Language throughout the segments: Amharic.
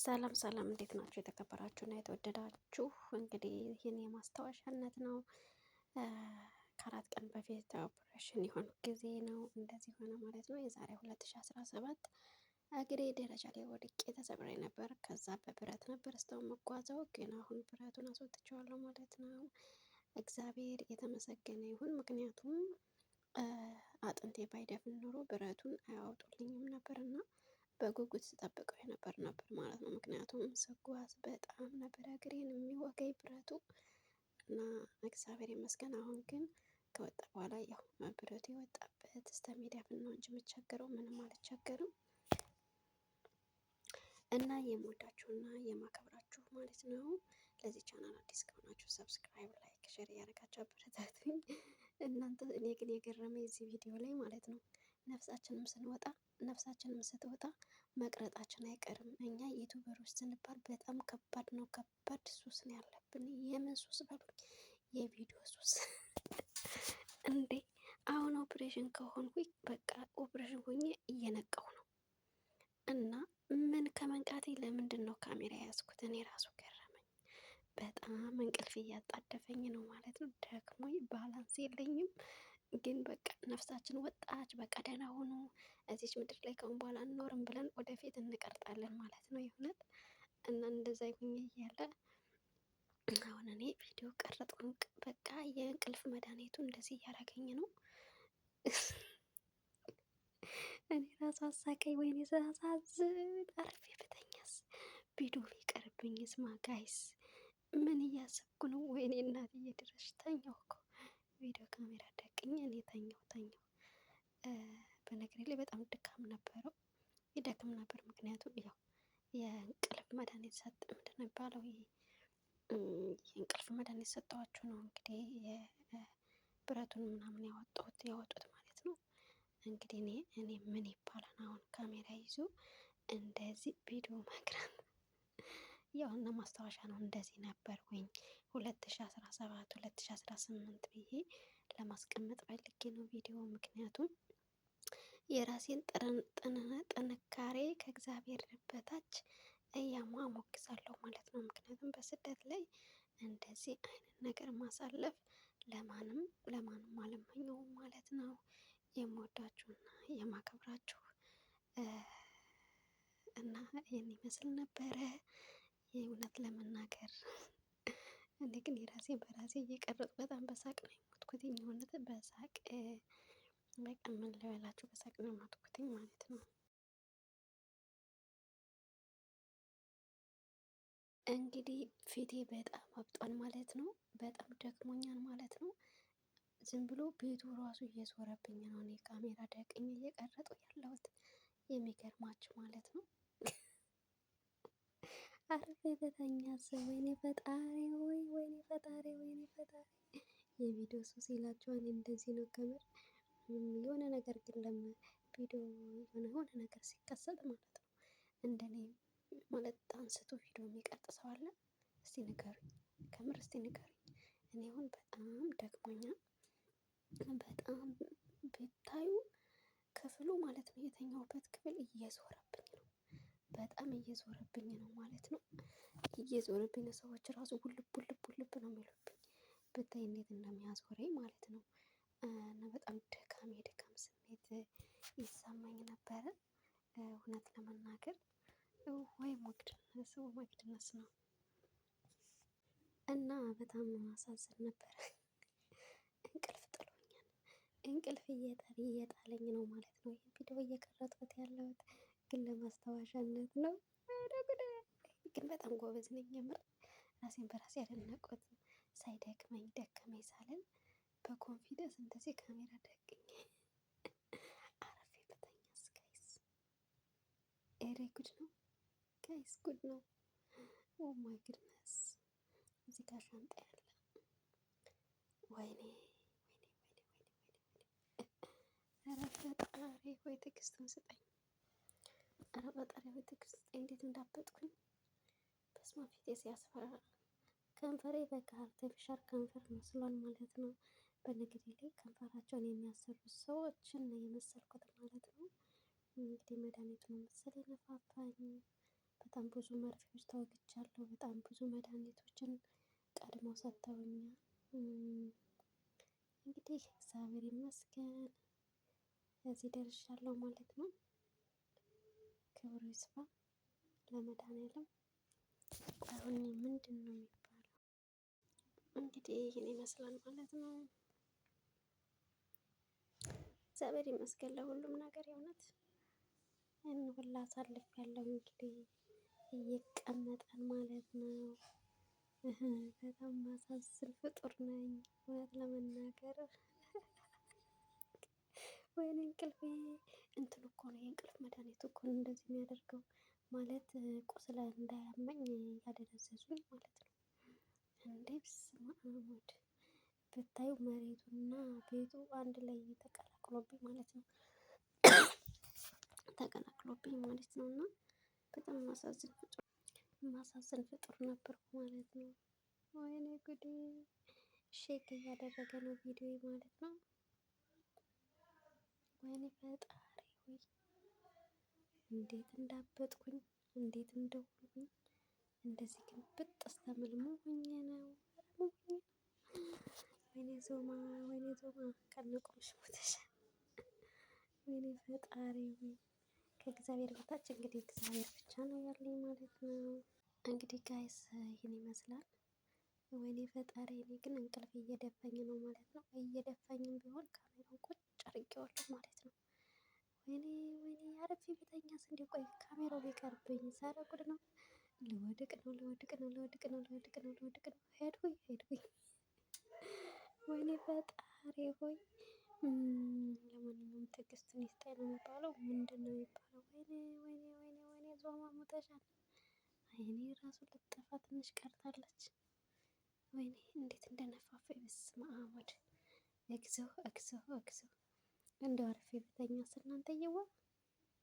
ሰላም ሰላም፣ እንዴት ናችሁ? የተከበራችሁ እና የተወደዳችሁ እንግዲህ ይህን የማስታወሻነት ነው። ከአራት ቀን በፊት ኦፕሬሽን የሆነ ጊዜ ነው እንደዚህ ሆነ ማለት ነው። የዛሬ ሁለት ሺ አስራ ሰባት እግሬ ደረጃ ላይ ወድቄ ተሰብሬ ነበር። ከዛ በብረት ነበር ስተው መጓዘው፣ ግን አሁን ብረቱን አስወጥቼዋለሁ ማለት ነው። እግዚአብሔር የተመሰገነ ይሁን። ምክንያቱም አጥንቴ ባይደፍን ኑሮ ብረቱን አያወጡልኝም ነበርና በጉጉት ስጠብቀው የነበር ነበር ማለት ነው። ምክንያቱም ስጓዝ በጣም ነበር እግሬን የሚወጋኝ ብረቱ እና እግዚአብሔር ይመስገን። አሁን ግን ከወጣ በኋላ ያው ብረቱ የወጣበት እስከ ሜዳፍን ነው እንጂ የምቸገረው ምንም አልቸገርም። እና እና የማከብራችሁ ማለት ነው። ለዚህ ቻናል አዲስ ከሆናችሁ ሰብስክራይብ፣ ላይክ፣ ሼር እያደረጋችሁ አበረታቱኝ። እናንተ እኔ ግን የገረመኝ እዚህ ቪዲዮ ላይ ማለት ነው ነፍሳችንም ስንወጣ ነፍሳችንም ስትወጣ መቅረጣችን አይቀርም። እኛ ዩቱበሮች ስንባል በጣም ከባድ ነው። ከባድ ሱስ ነው ያለብን። የምን ሱስ በሉኝ፣ የቪዲዮ ሱስ እንዴ! አሁን ኦፕሬሽን ከሆንኩኝ በቃ ኦፕሬሽን ሆኜ እየነቃሁ ነው። እና ምን ከመንቃቴ ለምንድን ነው ካሜራ የያዝኩት? እኔ ራሱ ገረመኝ። በጣም እንቅልፍ እያጣደፈኝ ነው ማለት ነው። ደክሞኝ ባላንስ የለኝም። ግን በቃ ነፍሳችን ወጣች። በቃ ደህና ሆኖ እዚች ምድር ላይ ከአሁን በኋላ አንኖርም ብለን ወደፊት እንቀርጣለን ማለት ነው። የእውነት እና እንደዛ ይሁኝ እያለ አሁን እኔ ቪዲዮ ቀረጥኩኝ። በቃ የእንቅልፍ መድኃኒቱ እንደዚህ እያደረገኝ ነው። እኔ ራሱ አሳቀኝ። ወይኔ ሳሳዝን አርፌ ብተኛስ ቪዲዮ ስማ ጋይስ ምን እያሰብኩ ነው? ወይኔ እናትዬ ድረሽ ተኛሁ እኮ ቪዲዮ ካሜራ ደቅኝ እኔ ተኛሁ። ምክንያቱም ያው የእንቅልፍ መድኃኒት ሰጥ ምንድን ነው የሚባለው ይሄ የእንቅልፍ መድኃኒት ሰጠዋችሁ ነው እንግዲህ የብረቱን ምናምን ያወጡት ያወጡት ማለት ነው። እንግዲህ እኔ እኔ ምን ይባላል አሁን ካሜራ ይዞ እንደዚህ ቪዲዮ መቅረብ ያው እና ማስታወሻ ነው። እንደዚህ ነበር ነበርኩኝ ሁለት ሺ አስራ ሰባት ሁለት ሺ አስራ ስምንት ብዬ ለማስቀመጥ ፈልጌ ነው ቪዲዮ ምክንያቱም የራሴን ጥንካሬ ከእግዚአብሔር በታች እያማ ሞግዛለሁ ማለት ነው። ምክንያቱም በስደት ላይ እንደዚህ አይነት ነገር ማሳለፍ ለማንም ለማንም አልመኘውም ማለት ነው። የምወዳችሁና የማከብራችሁ እና ይህን ይመስል ነበረ። የእውነት ለመናገር እኔ ግን የራሴን በራሴ እየቀረጽኩ በጣም በሳቅ ነው የሞትኩት። የእውነት በሳቅ በቀን ምን ልበላችሁ በሳቅ ነው የማትኩትኝ ማለት ነው። እንግዲህ ፊቴ በጣም አብጧል ማለት ነው። በጣም ደክሞኛል ማለት ነው። ዝም ብሎ ቤቱ ራሱ እየዞረብኝ ነው። እኔ ካሜራ ደቅኝ እየቀረጡ ያለሁት የሚገርማችሁ ማለት ነው። አረፌ የተተኛ ሰው ወይኔ ፈጣሪ ወይ ወይኔ ፈጣሪ ወይኔ ፈጣሪ የቪዲዮ ሱስ ይላችኋል። እንደዚህ ነው ከምር የሆነ ነገር ግን ለምን ቪዲዮ የሆነ ነገር ሲከሰት ማለት ነው እንደኔ ማለት አንስቶ ቪዲዮ የሚቀርጥ ሰው አለ? እስቲ ንገሩኝ፣ ከምር እስቲ ንገሩኝ። እኔ አሁን በጣም ደክሞኛል። በጣም ብታዩ ክፍሉ ማለት ነው የተኛውበት ክፍል እየዞረብኝ ነው፣ በጣም እየዞረብኝ ነው ማለት ነው። እየዞረብኝ ነው። ሰዎች ራሱ ውልብ ውልብ ውልብ ነው የሚሉብኝ፣ ብታይ እንዴት እንደሚያዞረኝ ማለት ነው። እና በጣም ድካም የድካም ስሜት ይሰማኝ ነበረ። እውነት ለመናገር ወይ መግድነት ነው እና በጣም ማሳዘን ነበረ። እንቅልፍ ጥሎኛል። እንቅልፍ እየጣለኝ ነው ማለት ነው። ቪዲዮ እየቀረጥኩት ያለሁት ግን ለማስታወሻነት ነው። ግን በጣም ጎበዝ ነኝ የምር ራሴን በራሴ አደነቅኩት። ሳይደክመኝ ደከመኝ ሳልል በኮንፊደንስ እንደዚህ ካሜራ ደግኝ አረፌ በተኛስ ጋይስ፣ ኤሬ ጉድ ነው ጋይስ፣ ጉድ ነው። ኦ ማይ ጉድነስ እዚህ ጋር ሻንጣ ያለ ወይኔ ፈጣሪ ሆይ ትዕግስትን ስጠኝ። ኧረ ፈጣሪ ሆይ ትዕግስት ስጠኝ። እንዴት እንዳበጥኩኝ በስማ ፊቴ ሲያስፈራ ከንፈሬ በቃ አርቴፊሻል ከንፈር መስሏል ማለት ነው። በንግዴ ላይ ከንፈራቸውን የሚያሰሩ ሰዎችን ነው የመሰልኩት ማለት ነው። እንግዲህ መድኃኒት ነው መሰል የነፋፋኝ። በጣም ብዙ መርፌዎች ተወግቻለሁ። በጣም ብዙ መድኃኒቶችን ቀድመው ሰጥተውኛል። እንግዲህ እግዚአብሔር ይመስገን እዚህ ደርሻለሁ ማለት ነው። ክብሩ ይስፋ ለመድኃኒዓለም። አሁን ምንድን ነው የሚባለው? እንግዲህ ይህን ይመስላል ማለት ነው። እግዚአብሔር ይመስገን ለሁሉም ነገር የእውነት እንሁላ አሳልፍ ያለው እንግዲህ እየቀመጠን ማለት ነው። በጣም ማሳዝን ፍጡር ነኝ እውነት ለመናገር ወይኔ እንቅልፍ እንትን እኮ ነው የእንቅልፍ መድኃኒቱ እኮ ነው እንደዚህ የሚያደርገው ማለት ቁስለ እንዳያመኝ ያደነዘዙኝ ማለት ነው። እንዴ ብስማ ብታዩ መሬቱና ቤቱ አንድ ላይ የተቀላቀለ ተቀላቅሎብኝ ማለት ነው ተቀላቅሎብኝ ማለት ነው። እና በጣም ማሳዝን ፍጡር ማሳዝን ፍጡር ነበርኩ ማለት ነው። ወይኔ ጉዴ! ሼክ እያደረገ ነው ቪዲዮ ማለት ነው። ወይኔ ፈጣሪ ሆይ እንዴት እንዳበጥኩኝ እንዴት እንደሆንኩኝ እንደዚህ ግን ብጥ አስተምል ሙሁኝ ነው ወይኔ ዞማ ወይኔ ዞማ ቀን ቆምሽ ወይኔ ፈጣሪ ከእግዚአብሔር በታች እንግዲህ እግዚአብሔር ብቻ ነው ያለኝ ማለት ነው። እንግዲህ ጋይስ ይህን ይመስላል። ወይኔ ፈጣሪ እኔ ግን እንቅልፍ እየደፋኝ ነው ማለት ነው። እየደፋኝም ቢሆን ካሜራውን ቁጭ አድርጌዋለሁ ማለት ነው። ወይኔ ወይኔ አረፍ ቤተኛ ስንዴ ቆይ ካሜራው ቢቀርብኝ ዛሬ ጉድ ነው። ልወድቅ ነው ልወድቅ ነው ልወድቅ ነው ልወድቅ ነው ልወድቅ ነው ሄድኩኝ ሄድኩኝ ወይኔ ፈጣሪ ሆይ ለማንኛውም ትዕግስትን ይስጠን የሚባለው። ምንድን ነው የሚባለው? ወይኔ ወይኔ ወይኔ ወይኔ ዞማ ሞተሻል። አይኔ ራሱ ልትጠፋ ትንሽ ቀርታለች። ወይኔ እንዴት እንደነፋፈ በስመ አብ ወልድ እግዚኦ እግዚኦ እግዚኦ። እንደው አርፌ ብተኛስ እናንተዬዋ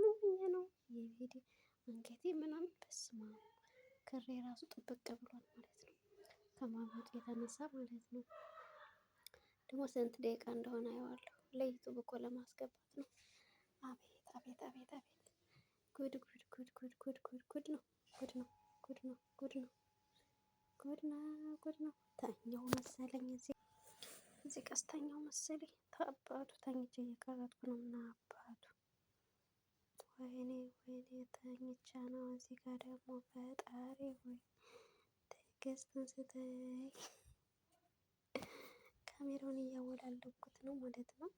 ምን ሆኜ ነው የሄደ አንገቴ ምናምን በስመ አብ ክሬ ራሱ ጥብቅ ብሏል ማለት ነው ከማሞቅ የተነሳ ማለት ነው። ደግሞ ስንት ደቂቃ እንደሆነ አየዋለሁ። ለዩቱብ እኮ ለማስገባት ነው። አቤት አቤት አቤት አቤት! ጉድ ጉድ ጉድ ጉድ ጉድ ጉድ ጉድ ነው ጉድ ነው ጉድ ነው ጉድ ነው ጉድ ነው ጉድ ነው። ተኛው መሰለኝ እዚህ እዚህ ቀስተኛው መሰለኝ። ተአባቱ ተኝቼ እየቀረጥኩ ነው። አባቱ ወይኔ ወይኔ ተኝቻ ነው። እዚህ ጋር ደግሞ ፈጣሪ ሆይ ትዕግስት ስጠኝ። ካሜራውን እያወላለኩት ነው ማለት ነው።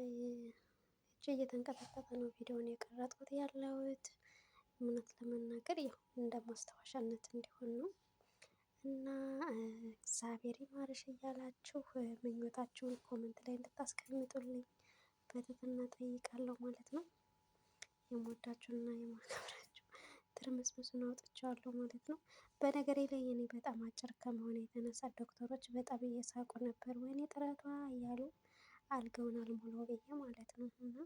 እጄ እየተንቀጠቀጠ ነው ቪዲዮውን የቀረጥኩት ያለሁት እውነት ለመናገር ያው እንደ ማስታወሻነት እንዲሆን ነው። እና እግዚአብሔር ይማርሽ እያላችሁ ምኞታችሁን ኮመንት ላይ እንድታስቀምጡልኝ በትህትና ጠይቃለሁ ማለት ነው። የምወዳችሁና የማከብራችሁ ትርምስምሱን አውጥቼዋለሁ ማለት ነው። በነገሬ ላይ እኔ በጣም አጭር ከመሆኑ የተነሳ ዶክተሮች በጣም እየሳቁ ነበር፣ ወይኔ ጥረቷ እያሉ አልገውን አልሞላው ብዬ ማለት ነው። እና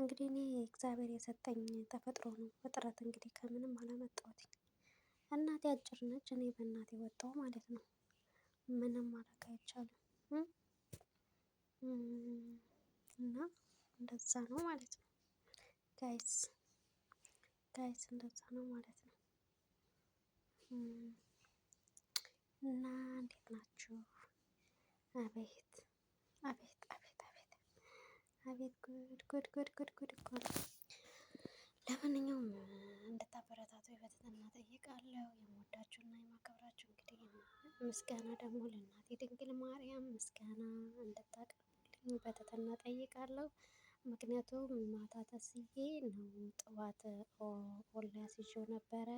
እንግዲህ እኔ እግዚአብሔር የሰጠኝ ተፈጥሮ ነው። ፍጥረት እንግዲህ ከምንም አላመጣሁት። እናቴ አጭር ነች፣ እኔ በእናቴ ወጣው ማለት ነው። ምንም ማድረግ አይቻልም። እና እንደዛ ነው ማለት ነው ጋይስ ጋይስ እንደዛ ነው ማለት ነው። እና እንዴት ናችሁ? አቤት አቤት አቤት አቤት አቤት ጉድ ጉድ ጉድ ጉድ ጉድ እኮ ነው። ለማንኛውም እንድታበረታቱኝ በትህትና እጠይቃለሁ። የምወዳችሁ እና የማከብራችሁ እንግዲህ ምስጋና ደግሞ ለእናቴ ድንግል ማርያም ምስጋና እንድታቀርቡልኝ በትህትና እጠይቃለሁ። ምክንያቱም ማታ ተስዬ ነው ጠዋት ወልዳ ይዤው ነበረ።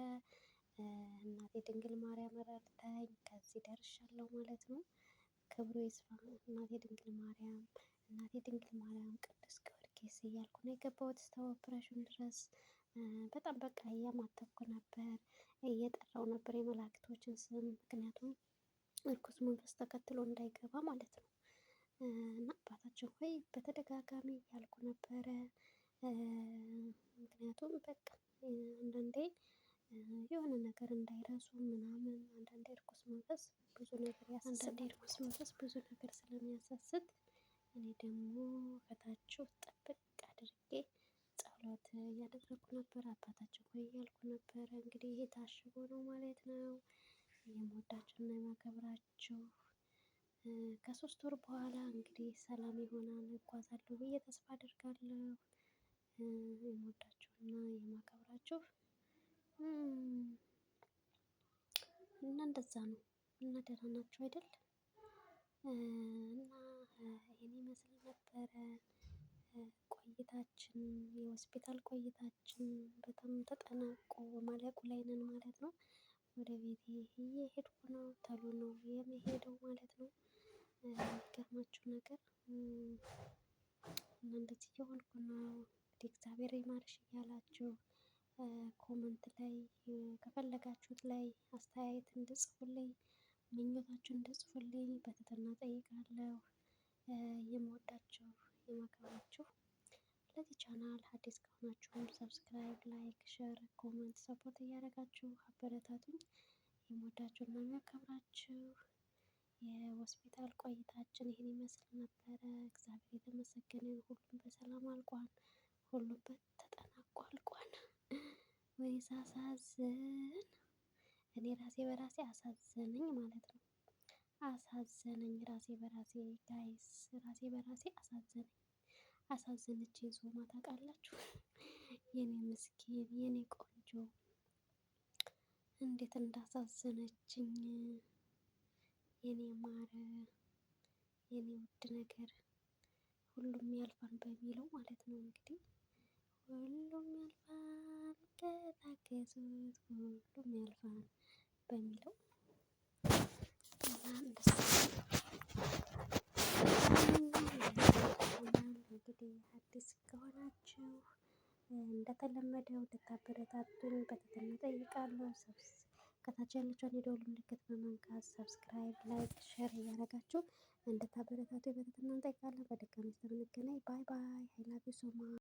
እናቴ ድንግል ማርያም ረድታኝ ከዚህ ደርሻለሁ ማለት ነው። ክብሩ ይስፋ እናቴ ድንግል ማርያም፣ እናቴ ድንግል ማርያም፣ ቅዱስ ጊዮርጊስ እያልኩ ነው የገባሁት እስከ ኦፕሬሽን ድረስ። በጣም በቃ እያማተብኩ ነበር፣ እየጠራው ነበር የመላእክቶችን ስም፣ ምክንያቱም እርኩስ መንፈስ ተከትሎ እንዳይገባ ማለት ነው። ማጥፋታቸው ወይ በተደጋጋሚ ያልኩ ነበረ። ምክንያቱም በቃ አንዳንዴ የሆነ ነገር እንዳይረሱ ምናምን አንዳንዴ እርኩስ መንፈስ ብዙ ነገር አንዳንዴ እርኩስ መንፈስ ብዙ ነገር ስለሚያሳስብ እኔ ደግሞ ከታችሁ ጠብቅ አድርጌ ጸሎት እያደረኩ ነበር። አባታቸው ሆይ እያልኩ ነበረ። እንግዲህ ይሄ ታሽጎ ነው ማለት ነው። የምወዳችሁ እና የማከብራችሁ ከሶስት ወር በኋላ እንግዲህ ሰላም የሆነ እጓዛለሁ ብዬ ተስፋ አደርጋለሁ። የምወዳችሁና የማከብራችሁ እና እንደዛ ነው እና ደህና ናችሁ አይደል? እና ይሄን ይመስል ነበረ ቆይታችን የሆስፒታል ቆይታችን በጣም ተጠናቆ ማለቁ ላይ ነን ማለት ነው። ወደ ቤት እየሄድኩ ነው ተሎ ነው ማለት ነው። የሚገርማችሁ ነገር እና እንደዚህ እየሆንኩ ነው። እንግዲህ እግዚአብሔር ይማርሽ እያላችሁ ኮመንት ላይ ከፈለጋችሁት ላይ አስተያየት እንድጽፉልኝ ምኞታችሁ እንድጽፉልኝ በትህትና ጠይቃለሁ። የምወዳችሁ የማከብራችሁ ለዚህ ቻናል አዲስ ከሆናችሁም ሰብስክራይብ፣ ላይክ፣ ሸር፣ ኮመንት፣ ሰፖርት እያደረጋችሁ አበረታቱኝ። የምወዳችሁ እና የሚያከብራችሁ የሆስፒታል ቆይታችን ይህን ይመስል ነበረ። እግዚአብሔር የተመሰገነ ሁሉም በሰላም አልቋል። ሁሉም ተጠናቆ አልቋል። ወይ ሳሳዝን እኔ ራሴ በራሴ አሳዘነኝ ማለት ነው። አሳዘነኝ ራሴ በራሴ ጋይስ፣ ራሴ በራሴ አሳዘነኝ። አሳዘነች ዞማ ታውቃላችሁ? የኔ ምስኪን የኔ ቆንጆ እንዴት እንዳሳዘነችኝ የኔ ማር የኔ ውድ ነገር ሁሉም ያልፋል በሚለው ማለት ነው እንግዲህ ሁሉም ያልፋል ከታገሱት ሁሉም ያልፋል በሚለው እንግዲህ አዲስ ከሆናችሁ እንደተለመደው እንድታበረታቱኝ በትህትና እጠይቃለሁ። ከታች ያለችውን የደወል ምልክት በመንካት ሰብስክራይብ፣ ላይክ፣ ሼር እያደረጋችሁ እንድታበረታቱ በትህትና እንጠይቃለን። በድጋሚ እስከምንገናኝ ባይ ባይ። አይ ላቭ ዩ ሶ ማች